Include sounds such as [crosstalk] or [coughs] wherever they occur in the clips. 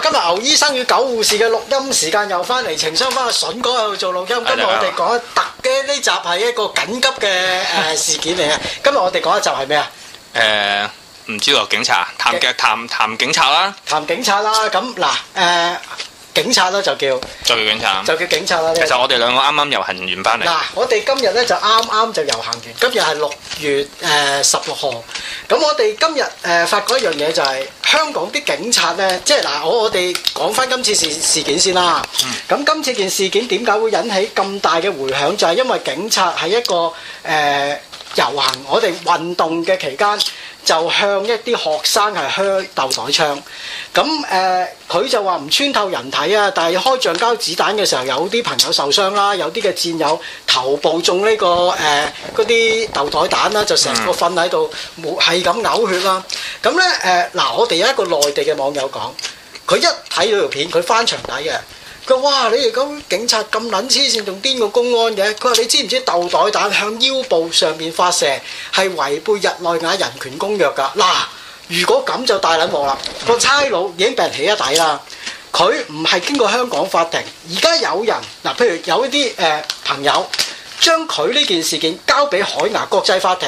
今日牛醫生與狗護士嘅錄音時間又翻嚟，情商翻去，筍哥度做錄音。今日我哋講特嘅呢集係一個緊急嘅誒事件嚟啊！今日我哋講一集係咩啊？誒唔、欸、知道警察談嘅談談警察啦，談警察啦。咁嗱誒。警察啦就叫就叫警察，就叫警察啦。其實我哋兩個啱啱遊行完翻嚟。嗱，我哋今日咧就啱啱就遊行完。今日係六月誒十六號。咁我哋今日誒發覺一樣嘢就係香港啲警察咧，即係嗱，我我哋講翻今次事事件先啦。嗯。咁今次件事件點解會引起咁大嘅迴響，就係因為警察喺一個誒遊行，我哋運動嘅期間，就向一啲學生係槍豆袋槍，咁誒佢就話唔穿透人體啊！但係開橡膠子彈嘅時候，有啲朋友受傷啦，有啲嘅戰友頭部中呢個誒嗰啲豆袋彈啦，就成個瞓喺度，冇係咁嘔血啦。咁咧誒嗱，我哋有一個內地嘅網友講，佢一睇到條片，佢翻牆底嘅。佢話：你哋咁警察咁撚黐線，仲顛過公安嘅？佢話：你知唔知豆袋彈向腰部上面發射係違背《日內瓦人權公約》㗎？嗱，如果咁就大撚鑊啦！個差佬已經俾人起一底啦，佢唔係經過香港法庭，而家有人嗱，譬如有一啲誒、呃、朋友將佢呢件事件交俾海牙國際法庭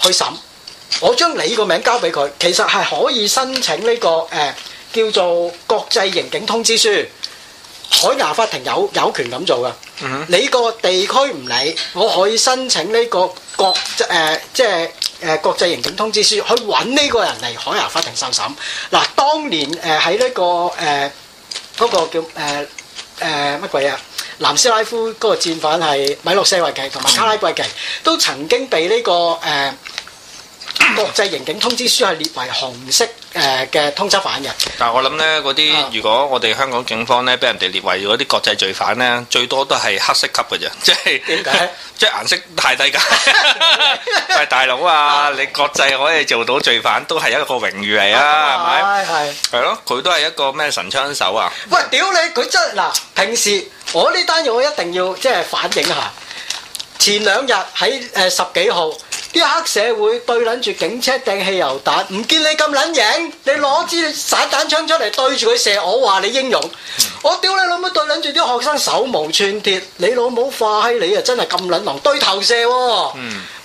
去審，我將你個名交俾佢，其實係可以申請呢、呢個誒、呃、叫做國際刑警通知書。海牙法庭有有權咁做噶，uh huh. 你個地區唔理，我可以申請呢個國誒、呃、即係誒、呃、國際刑警通知書去揾呢個人嚟海牙法庭受審。嗱、呃，當年誒喺呢個誒嗰、呃那個叫誒誒乜鬼啊？南斯拉夫嗰個戰犯係米洛西維奇同埋卡拉季奇，都曾經被呢、這個誒。呃國際刑警通知書係列為紅色誒嘅通緝犯人。但係，我諗咧嗰啲，如果我哋香港警方咧俾人哋列為嗰啲國際罪犯咧，最多都係黑色級嘅啫，即係點解？即係顏色太低級。喂，大佬啊，你國際可以做到罪犯，都係一個榮譽嚟啊，係咪？係係係咯，佢都係一個咩神槍手啊！喂，屌你，佢真嗱，平時我呢單嘢我一定要即係反映下，前兩日喺誒十幾號。啲黑社會對撚住警車掟汽油彈，唔見你咁撚型，你攞支散彈槍出嚟對住佢射，我話你英勇，我屌你老母對撚住啲學生手無寸鐵，你老母化閪你啊！真係咁撚狼，對頭射喎。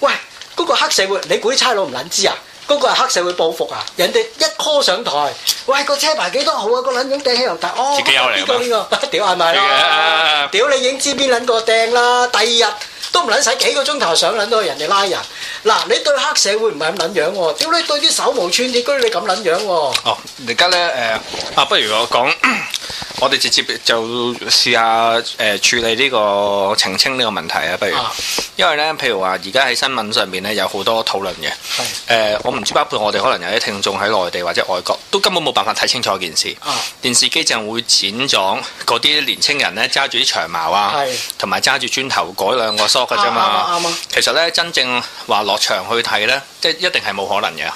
喂，嗰個黑社會，你估啲差佬唔撚知啊？嗰個係黑社會報復啊！人哋一 call 上台，喂個車牌幾多號啊？個撚樣掟汽油彈，哦呢個呢個，屌係咪咯？屌你影知邊撚個掟啦？第二日。都唔捻使幾個鐘頭上捻到人哋拉人，嗱，你對黑社會唔係咁捻樣喎，屌你對啲手無寸鐵居你咁捻樣喎？哦，而家咧誒啊，不如我講。嗯我哋直接就試下誒處理呢個澄清呢個問題啊，不如，因為咧，譬如話而家喺新聞上面咧有好多討論嘅，誒的、呃，我唔知包括我哋可能有啲聽眾喺內地或者外國都根本冇辦法睇清楚件事，電視機就會剪咗嗰啲年輕人咧揸住啲長矛啊，同埋揸住磚頭改兩個篤嘅啫嘛，其實咧真正話落場去睇咧，即係一定係冇可能嘅，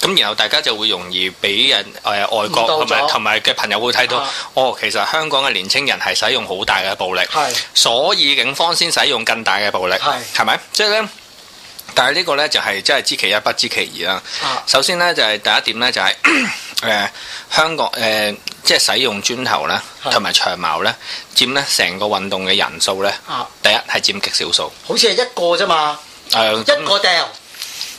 咁然後大家就會容易俾人誒、呃、外國同埋同埋嘅朋友會睇到。哦，其實香港嘅年青人係使用好大嘅暴力，係是，所以警方先使用更大嘅暴力，係是，係咪？即係咧，但係呢個咧就係即係知其一不知其二啦。啊、首先咧就係第一點咧就係、是、誒香港誒、呃、即係使，使用磚頭咧同埋長矛咧佔咧成個運動嘅人數咧，啊、第一係佔極少數，好似係一個啫嘛，誒、嗯嗯、一個掉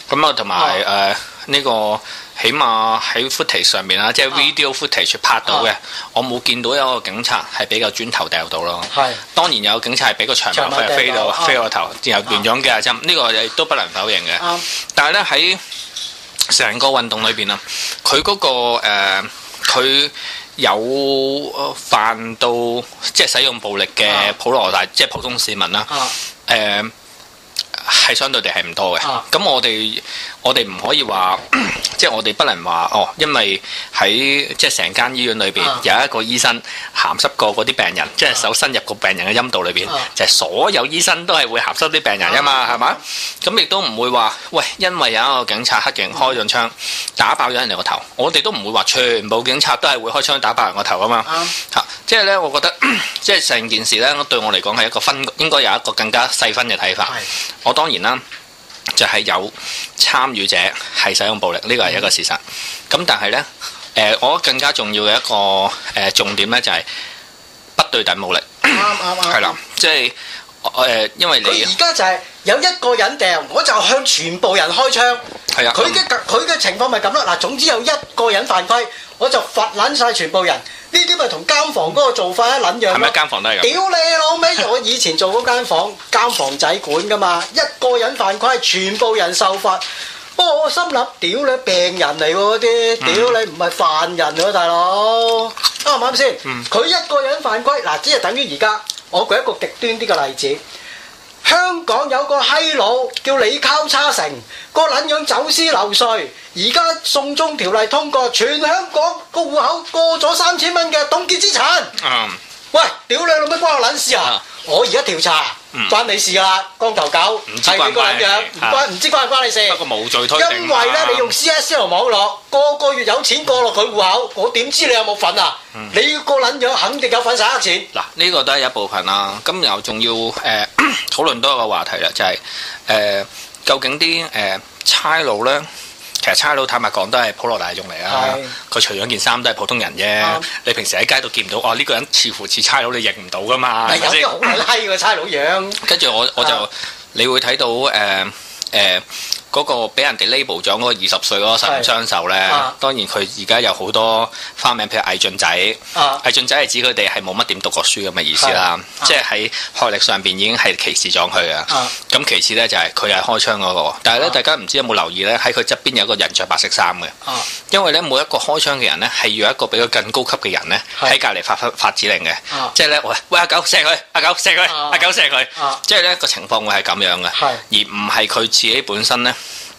咁啊，同埋誒呢個。起碼喺 footage 上面啦，即、就、係、是、video footage 拍到嘅，啊、我冇見到個、啊、有個警察係俾個磚頭掉到咯。係，當然有警察係俾個長矛去飛，飛，飛到，啊、飛個頭，然後斷咗幾十針，呢、啊、個亦都不能否認嘅。啊、但係咧喺成個運動裏邊啊，佢嗰、那個佢、呃、有犯到即係使，使用暴力嘅普羅大，啊、即係普通市民啦。誒、啊。啊係相對地係唔多嘅，咁、啊、我哋我哋唔可以話、嗯，即係我哋不能話哦，因為喺即係成間醫院裏邊、啊、有一個醫生鹹濕過嗰啲病人，即係、啊、手伸入個病人嘅陰道裏邊，啊、就係所有醫生都係會鹹濕啲病人啊嘛，係嘛、啊？咁亦都唔會話，喂、啊啊哎，因為有一個警察黑警開咗槍、嗯、打爆咗人哋個頭，我哋都唔會話全部警察都係會開槍打爆人個頭啊嘛，嚇、嗯！即係咧，我覺得即係成件事咧，對我嚟講係一個分，應該有一個更加細分嘅睇法。我當然。啦，就係、是、有參與者係使用暴力，呢個係一個事實。咁但係呢，誒、呃，我更加重要嘅一個誒、呃、重點呢，就係、是、不對等武力，嗯，嗯，嗯，係啦，即係。誒，因為你而家就係、是、有一個人掟，我就向全部人開槍。係啊的，佢嘅佢嘅情況咪咁咯。嗱，總之有一個人犯規，我就罰撚晒全部人。呢啲咪同監房嗰個做法一撚樣咯。係咪監房都係咁？屌你老味！我以前做嗰間房監房仔管噶嘛，一個人犯規，全部人受罰。不過我心諗，屌你病人嚟喎啲，屌你唔係犯人喎大佬，啱唔啱先？佢、啊嗯、一個人犯規，嗱，只係等於而家。我舉一個極端啲嘅例子，香港有個閪佬叫李溝叉成，個撚樣走私漏稅，而家送中條例通過，全香港個戶口過咗三千蚊嘅凍結資產。Um. 喂，屌你老味關我撚事啊！啊我而家調查，嗯、關你事噶啦，光頭狗係你個撚樣，唔關唔知關唔關你事。不過無罪推定，因為咧你用 CSL 同網絡個個月有錢過落佢戶口，嗯、我點知你有冇份啊？嗯、你個撚樣，肯定有份洗黑錢。嗱、啊，呢、這個都係一部分啦。咁然後仲要誒討論多一個話題啦，就係、是、誒、呃、究竟啲誒差佬咧。呃其實差佬坦白講都係普羅大眾嚟啊，佢除咗件衫都係普通人啫。啊、你平時喺街度見唔到，哦呢、呢個人似乎似差佬，你認唔到噶嘛？有啲好拉㗎差佬樣。跟住我我就、啊、你會睇到誒誒。呃呃嗰個俾人哋 label 咗嗰個二十歲嗰個神槍手咧，當然佢而家有好多花名，譬如矮俊仔，矮俊仔係指佢哋係冇乜點讀過書咁嘅意思啦，即係喺學歷上邊已經係歧視咗佢嘅。咁其次咧就係佢係開槍嗰個，但係咧大家唔知有冇留意咧，喺佢側邊有個人着白色衫嘅。因為咧每一個開槍嘅人咧係要一個比佢更高級嘅人咧喺隔離發發指令嘅，即係咧喂喂阿狗射佢，阿狗射佢，阿狗射佢，即係咧個情況會係咁樣嘅，而唔係佢自己本身咧。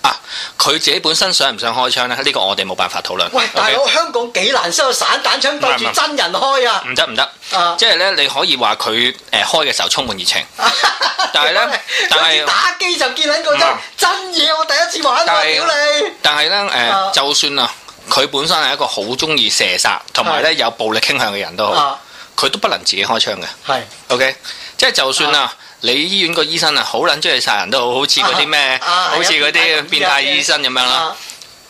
啊！佢自己本身想唔想開槍咧？呢個我哋冇辦法討論。喂！大佬香港幾難收散彈槍對住真人開啊！唔得唔得。即係咧，你可以話佢誒開嘅時候充滿熱情。但係咧，對住打機就見捻個真真嘢，我第一次玩啊！屌你！但係咧，誒，就算啊，佢本身係一個好中意射殺，同埋咧有暴力傾向嘅人都好，佢都不能自己開槍嘅。係，OK，即係就算啊。你醫院個醫生啊，啊好撚中意殺人都，好似嗰啲咩，好似嗰啲變態醫生咁樣啦。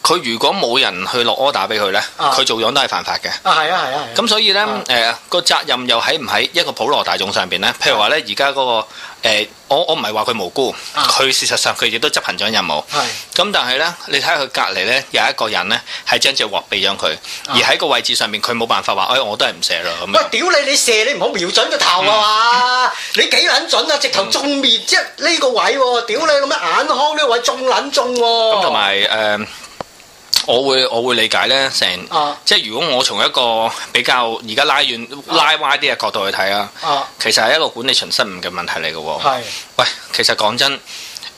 佢、啊啊、如果冇人去落 order 俾佢呢，佢、啊、做樣都係犯法嘅。咁、啊啊啊啊、所以呢，誒個、啊呃、責任又喺唔喺一個普羅大眾上邊呢？譬如話呢，而家嗰個。誒、呃，我我唔係話佢無辜，佢、啊、事實上佢亦都執行咗任務。係咁是，但係咧，你睇下佢隔離咧，有一個人咧係將隻鑊俾咗佢，啊、而喺個位置上面，佢冇辦法話，哎，我都係唔射啦咁。喂，屌你！你射你唔好瞄準個頭啊嘛！嗯、你幾撚準啊？直頭中滅即係呢個位，屌你咁樣眼眶呢個位中撚中喎！咁同埋誒。我會我會理解咧，成、啊、即係如果我從一個比較而家拉遠、啊、拉歪啲嘅角度去睇啊，其實係一個管理層失誤嘅問題嚟嘅喎。係，喂，其實講真，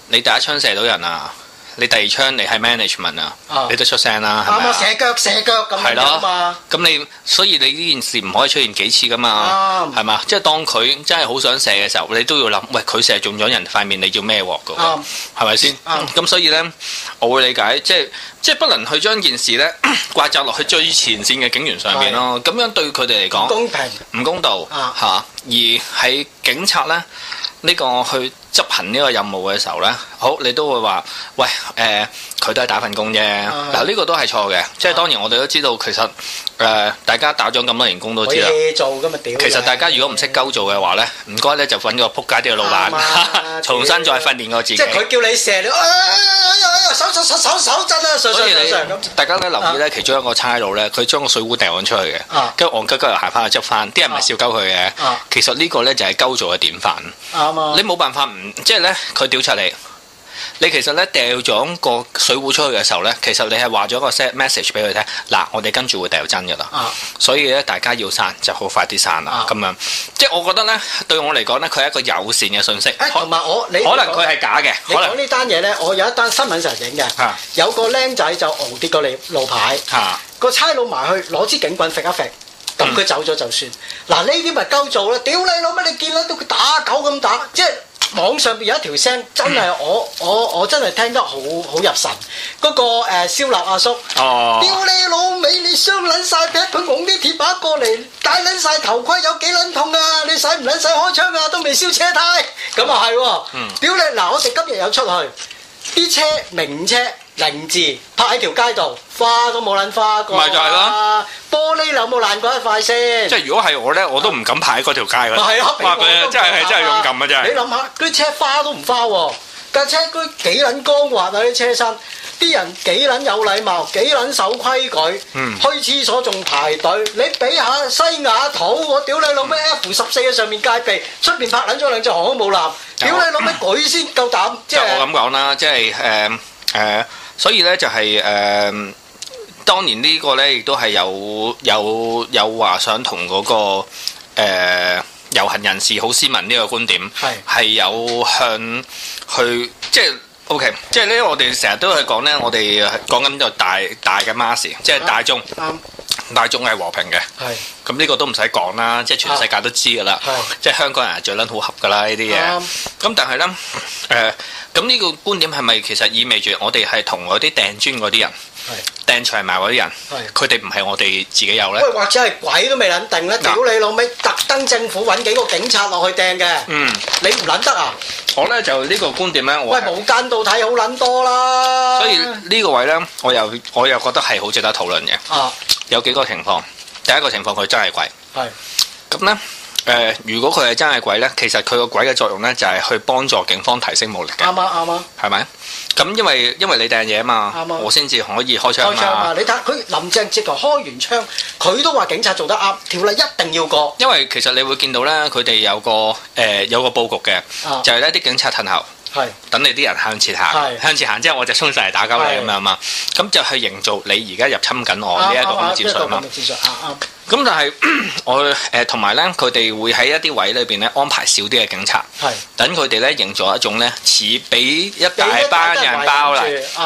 你第一槍射到人啊！你第二槍，你係 management 啊，你都出聲啦，係咪？啱啱射腳射腳咁樣啊嘛，咁你所以你呢件事唔可以出現幾次噶嘛，係嘛？即係當佢真係好想射嘅時候，你都要諗，喂佢射中咗人塊面，你叫咩鑊噶？係咪先？咁所以呢，我會理解，即係即係不能去將件事呢怪責落去最前線嘅警員上面咯。咁樣對佢哋嚟講唔公平、唔公道嚇。而喺警察呢。呢個去執行呢個任務嘅時候呢，好你都會話，喂誒，佢都係打份工啫。嗱、啊，呢個都係錯嘅，啊、即係當然我哋都知道，其實誒、呃，大家打咗咁多年工都知啦。做噶其實大家如果唔識鳩做嘅話呢，唔該呢就揾個撲街啲嘅老闆，啊、 [laughs] 重新再訓練個自己。即係佢叫你射你。啊啊 [noise] 手手手震啦！手手手 [noise] 所以你 [noise] 大家咧留意咧，啊、其中一個差佬咧，佢將個水壺掟咗出去嘅，跟住戇鳩鳩又行翻去執翻，啲人唔係笑鳩佢嘅，啊、其實呢個咧就係鳩做嘅典範。啱啊！你冇辦法唔即係咧，佢屌出嚟。你其實咧掉咗個水壺出去嘅時候咧，其實你係話咗個 set message 俾佢聽，嗱，我哋跟住會掉真噶啦，啊、所以咧大家要散就好快啲散啦，咁、啊、樣，即係我覺得咧，對我嚟講咧，佢係一個友善嘅信息，同埋、啊、我，你可能佢係假嘅。講呢單嘢咧，我有一單新聞成日影嘅，是啊、有個僆仔就熬跌過你路牌，是啊、個差佬埋去攞支警棍揈一揈，咁佢走咗就算。嗱呢啲咪夠做啦？屌你老母，你見唔見到佢打狗咁打？即係。網上邊有一條聲，真係、嗯、我我我真係聽得好好入神。嗰、那個誒，燒臘阿叔，哦，屌你老味，你傷捻晒皮，俾佢拱啲鐵把過嚟，戴捻晒頭盔，有幾捻痛啊！你使唔捻使開槍啊？都未燒車胎，咁啊係，嗯，屌你嗱，我哋今日有出去，啲車名車。零字拍喺條街度，花都冇卵花過。咪就係啦，玻璃有冇爛過一塊先？即係如果係我咧，我都唔敢拍喺嗰條街㗎。係黑化嘅，真係真係勇敢嘅啫。你諗下，嗰啲車花都唔花喎，但係車嗰幾卵光滑啊，啲車身，啲人幾卵有禮貌，幾卵守規矩。去開廁所仲排隊。你比下西雅圖，我屌你老味 F 十四喺上面戒備，出面拍卵咗兩隻航空母艦，屌你老味佢先夠膽。就我咁講啦，即係誒誒。所以咧就係、是、誒、呃，當年個呢個咧亦都係有有有話想同嗰、那個誒、呃、遊行人士好斯文呢個觀點，係係是有向去即係 OK，即係咧我哋成日都係講咧，我哋講緊就大大嘅 mass，即係大眾。嗯嗯大眾係和平嘅，咁呢個都唔使講啦，即係全世界都知噶啦，即係香港人係最撚好合噶啦呢啲嘢。咁但係咧，誒咁呢個觀點係咪其實意味住我哋係同嗰啲掟磚嗰啲人掟柴埋嗰啲人，佢哋唔係我哋自己有咧？喂，或者係鬼都未撚定咧，屌你老味，特登政府揾幾個警察落去掟嘅，嗯，你唔撚得啊？我咧就呢個觀點咧，喂，無間道睇好撚多啦。所以呢個位咧，我又我又覺得係好值得討論嘅。有幾個情況，第一個情況佢真係鬼，係咁呢？誒、呃，如果佢係真係鬼呢，其實佢個鬼嘅作用呢，就係去幫助警方提升武力嘅，啱啊啱啊，係咪、啊？咁因為因為你掟嘢啊嘛，啊我先至可以開槍,開槍啊你睇佢林鄭直頭開完槍，佢都話警察做得啱，條例一定要過。因為其實你會見到呢，佢哋有個誒、呃、有個佈局嘅，啊、就係呢啲警察褪後。係，等你啲人向前行，向前行之後，我就衝晒嚟打交你咁樣嘛，咁就去營造你而家入侵緊我呢一個戰術嘛，戰術，啱啱。咁但係我誒，同埋咧，佢哋會喺一啲位裏邊咧安排少啲嘅警察，係，等佢哋咧營造一種咧似俾一大班人包啦，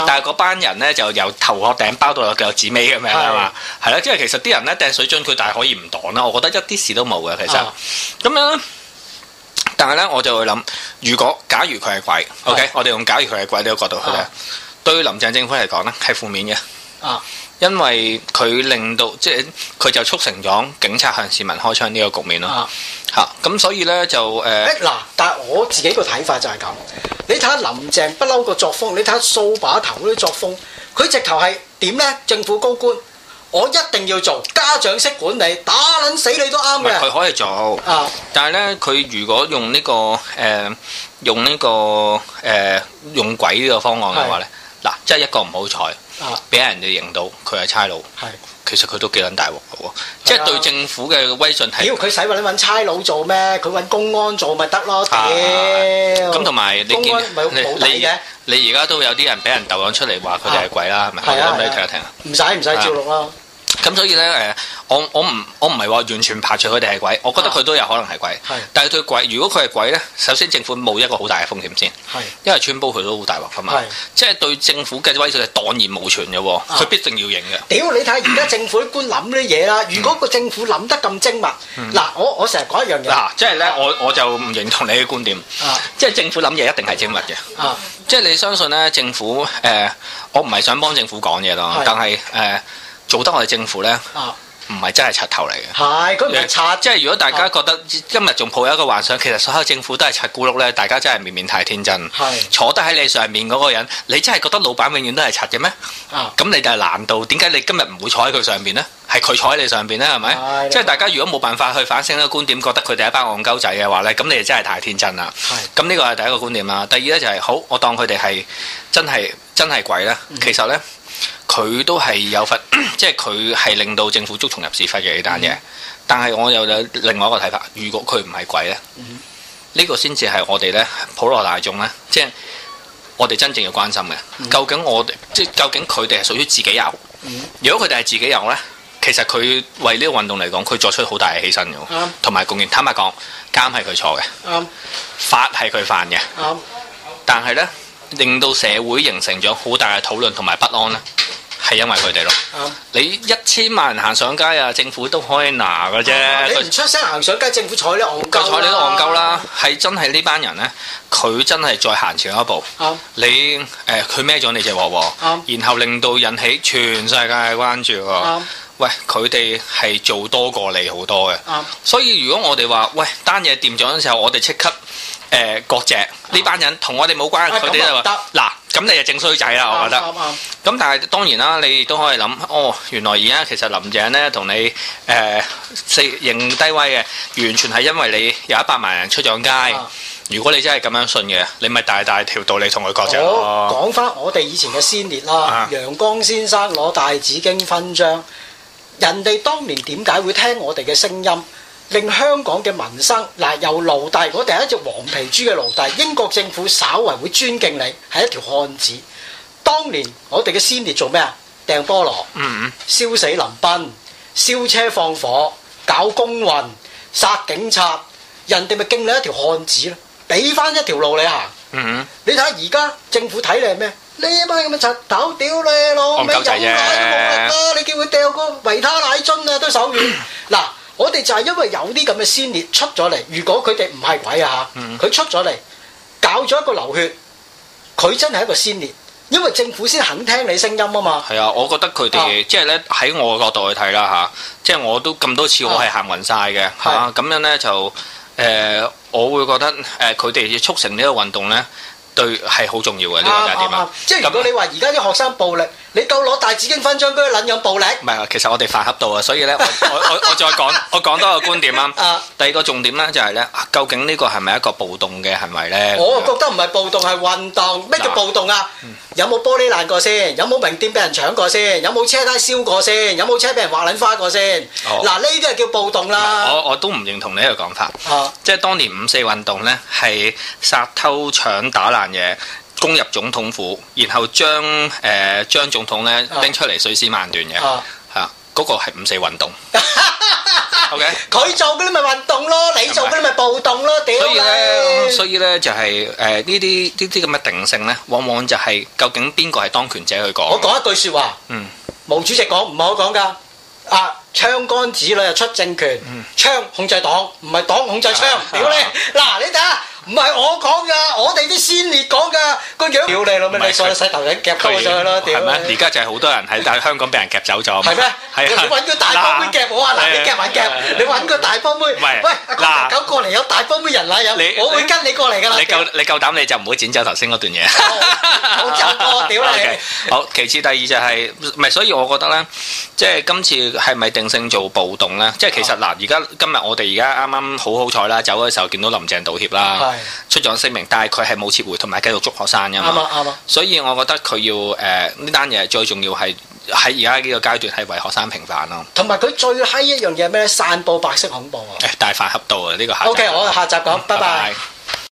但係嗰班人咧就由頭殼頂包到腳趾尾咁樣啦嘛，係啦，即係其實啲人咧掟水樽，佢但係可以唔擋啦，我覺得一啲事都冇嘅，其實，咁樣。但係咧，我就會諗，如果假如佢係鬼是，OK，我哋用假如佢係鬼呢個角度去睇，啊、對林鄭政府嚟講咧係負面嘅，啊，因為佢令到即係佢就促成咗警察向市民開槍呢個局面咯，吓、啊，咁、啊、所以咧就誒，嗱、呃啊，但係我自己個睇法就係咁，你睇下林鄭不嬲個作風，你睇下掃把頭嗰啲作風，佢直頭係點咧？政府高官。我一定要做家長式管理，打撚死你都啱嘅。佢可以做，但係呢，佢如果用呢個誒，用呢個誒，用鬼呢個方案嘅話呢嗱，即係一個唔好彩，俾人哋認到佢係差佬，其實佢都幾撚大鑊。即係對政府嘅威信係。妖，佢使揾揾差佬做咩？佢揾公安做咪得咯？屌，咁同埋公安唔係好啲嘅。你而家都有啲人俾人竄出嚟話佢哋係鬼啦，係咪？係啊，可以睇一睇。唔使唔使照錄啦。咁所以咧，誒，我我唔我唔係話完全排除佢哋係鬼，我覺得佢都有可能係鬼。但係對鬼，如果佢係鬼呢，首先政府冇一個好大嘅風險先。係，因為穿煲佢都好大鑊㗎嘛。即係對政府嘅威信係蕩然無存嘅喎，佢必定要贏嘅。屌，你睇下而家政府啲官諗啲嘢啦，如果個政府諗得咁精密，嗱，我我成日講一樣嘢。嗱，即係呢，我我就唔認同你嘅觀點。即係政府諗嘢一定係精密嘅。即係你相信呢，政府誒，我唔係想幫政府講嘢咯，但係誒。做得我哋政府呢，唔係、啊、真係賊頭嚟嘅。係佢唔係賊。即係如果大家覺得、啊、今日仲抱有一個幻想，其實所有政府都係賊咕碌呢，大家真係未免太天真。是坐得喺你上面嗰個人，你真係覺得老闆永遠都係賊嘅咩？啊！咁你就難道，點解你今日唔會坐喺佢上面呢？係佢坐喺你上面呢，係咪是？吧即係大家如果冇辦法去反省呢個觀點，覺得佢哋一班憨鳩仔嘅話呢，咁你真係太天真啦。係是。咁呢個係第一個觀點啦。第二呢、就是，就係好，我當佢哋係真係真係鬼咧。嗯、哼其實呢。佢都係有份， [coughs] 即係佢係令到政府捉蟲入屎窟嘅呢單嘢。嗯、但係我又有另外一個睇法，如果佢唔係鬼、嗯、呢，呢個先至係我哋呢普羅大眾呢，即、就、係、是、我哋真正嘅關心嘅。嗯、究竟我哋，即係究竟佢哋係屬於自己有？嗯、如果佢哋係自己有呢，其實佢為呢個運動嚟講，佢作出好大嘅犧牲嘅，同埋貢獻。坦白講，監係佢坐嘅，嗯、法係佢犯嘅，嗯、但係呢。令到社會形成咗好大嘅討論同埋不安呢，係因為佢哋咯。啊、你一千萬人行上街啊，政府都可以拿㗎啫、啊。你唔出聲行上街，政府睬你都戇鳩。就睬你都戇鳩啦，係、啊、真係呢班人呢，佢真係再行前一步。啊、你誒佢孭咗你隻鑊鑊，啊、然後令到引起全世界嘅關注、啊、喂，佢哋係做多過你好多嘅。啊、所以如果我哋話喂單嘢掂咗嘅時候，我哋即刻。誒割席呢班人同我哋冇關，佢哋就話得嗱，咁你就正衰仔啦，我覺得。咁但係當然啦，你亦都可以諗，哦，原來而家其實林鄭咧同你誒四認低威嘅，完全係因為你有一百萬人出上街。如果你真係咁樣信嘅，你咪大大條道理同佢割席咯。講翻我哋以前嘅先烈啦，楊光先生攞大紫荊勳章，人哋當年點解會聽我哋嘅聲音？令香港嘅民生嗱、啊，由奴隸我哋係一隻黃皮豬嘅奴隸，英國政府稍為會尊敬你係一條漢子。當年我哋嘅先烈做咩啊？掟菠蘿，嗯嗯燒死林彬，燒車放火，搞工運，殺警察，人哋咪敬你一條漢子咯，俾翻一條路嗯嗯你行。你睇下而家政府睇你係咩？呢班咁嘅柒頭，屌你老味，有奶冇力啊！你叫佢掉個維他奶樽啊，都手軟嗱。 [coughs] [coughs] 我哋就係因為有啲咁嘅先烈出咗嚟，如果佢哋唔係鬼啊嚇，佢、嗯、出咗嚟搞咗一個流血，佢真係一個先烈，因為政府先肯聽你聲音啊嘛。係啊，我覺得佢哋、啊、即係咧喺我角度去睇啦吓，即係我都咁多次我係行運晒嘅嚇，咁、啊啊、樣咧就誒、呃，我會覺得誒佢哋促成個運呢個運動咧，對係好重要嘅呢個嘅點啊。即係如果你話而家啲學生暴力。你夠攞大紫荊勳章嗰啲捻樣暴力？唔係，其實我哋飯盒度啊，所以咧，我我我再講，我講多個觀點啦。啊，第二個重點咧就係咧，究竟呢個係咪一個暴動嘅行為咧？我覺得唔係暴動，係運動。咩叫暴動啊？有冇玻璃爛過先？有冇名店俾人搶過先？有冇車胎燒過先？有冇車俾人劃捻花過先？嗱，呢啲係叫暴動啦。我我都唔認同你呢個講法。啊，即係當年五四運動咧，係殺、偷、搶、打爛嘢。攻入總統府，然後將誒將總統咧拎出嚟碎屍萬段嘅嚇，嗰個係五四運動。OK，佢做嗰啲咪運動咯，你做嗰啲咪暴動咯，屌所以咧，所以咧，就係誒呢啲呢啲咁嘅定性咧，往往就係究竟邊個係當權者去講？我講一句説話，嗯，毛主席講唔可講㗎，啊槍杆子女裏出政權，槍控制黨，唔係黨控制槍，屌你嗱你睇下。唔係我講噶，我哋啲先烈講噶個樣屌你老味，你再洗頭頂夾多上去咯，屌！係咩？而家就係好多人喺但係香港俾人夾走咗。係咩？係啊！你揾個大波妹夾我啊！嗱，你夾埋夾，你揾個大波妹。喂，阿哥，狗過嚟有大波妹人啦，有。我會跟你過嚟噶啦。你夠你夠膽你就唔會剪走頭先嗰段嘢。冇走過，屌你！好，其次第二就係唔係？所以我覺得咧，即係今次係咪定性做暴動咧？即係其實嗱，而家今日我哋而家啱啱好好彩啦，走嘅時候見到林鄭道歉啦。出咗聲明，但係佢係冇撤回，同埋繼續捉學生嘅嘛。啱啊啱！所以我覺得佢要誒呢單嘢最重要係喺而家呢個階段係為學生平反咯。同埋佢最閪一樣嘢係咩？散佈白色恐怖啊！哎、大範闢到啊！呢、這個下集 OK，我哋下集講，拜拜。